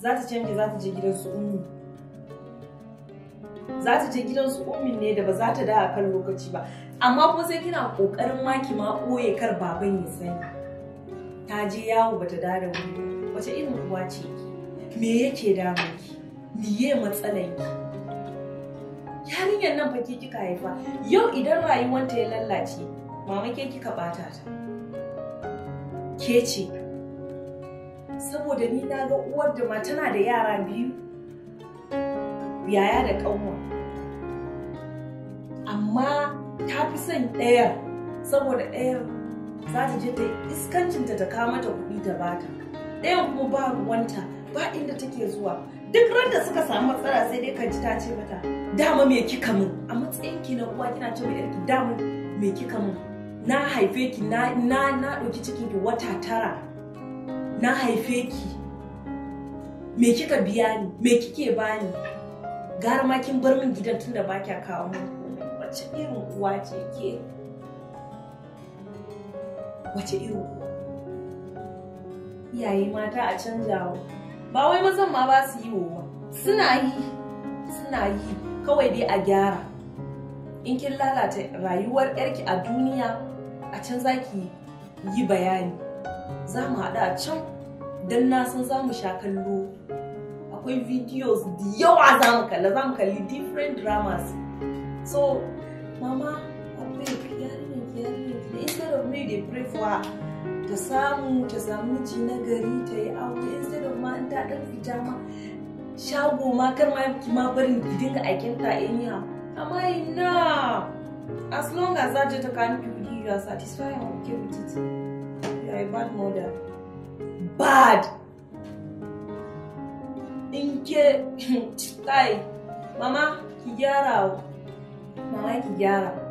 za ta canje za je gidan su ummi za je gidan su ummi ne da ba za ta da akan kan lokaci ba amma kuma sai kina kokarin maki ma ɓoye kar baban ya sani ta je yawo bata da da wuri wace irin uwa ce ki me yake damun ki miye matsalan ki yarinyar nan fa ke kika haifa yau idan rayuwanta ya lallace mama ke kika bata ta ke ce saboda ni na ga uwar da ma tana da yara biyu yaya da ƙanwa amma ta fi son ɗaya saboda ɗaya za ta je ta iskancinta ta kama mata kuɗi ta bata ɗayan kuma ba ruwanta ba inda take zuwa duk ran da suka samu matsala sai dai kanci ta ce mata dama me kika mun a matsayin ki na uwa kina ce mai dama me kika mun na haife ki na na ɗauki cikin ki wata tara na haife ki me kika biya ni me kike bani gara ma kin bar min gidan tunda ba kya kawo min wace irin uwa ce ke wace irin iyaye mata a canjawa ba wai mazan ma ba su yi ba. suna yi suna yi kawai dai a gyara in kin lalata rayuwar yarki a duniya a can za ki yi bayani za mu haɗu a can don na san za mu sha kallo akwai videos da yawa za mu kalla za mu kalli different dramas so mama akwai yarinyar ki yarinyar ki instead of me dey pray for her ta samu ta samu ji na gari ta yi aure instead of ma ta dan fita ma shago ma kar ma ki ma barin ki dinga aikin ta anyhow amma ina as long as that je ta kan ki you are satisfied okay with it you're a bad mother. Bad! In ke, Mama, Kijara, Mama, Kijara.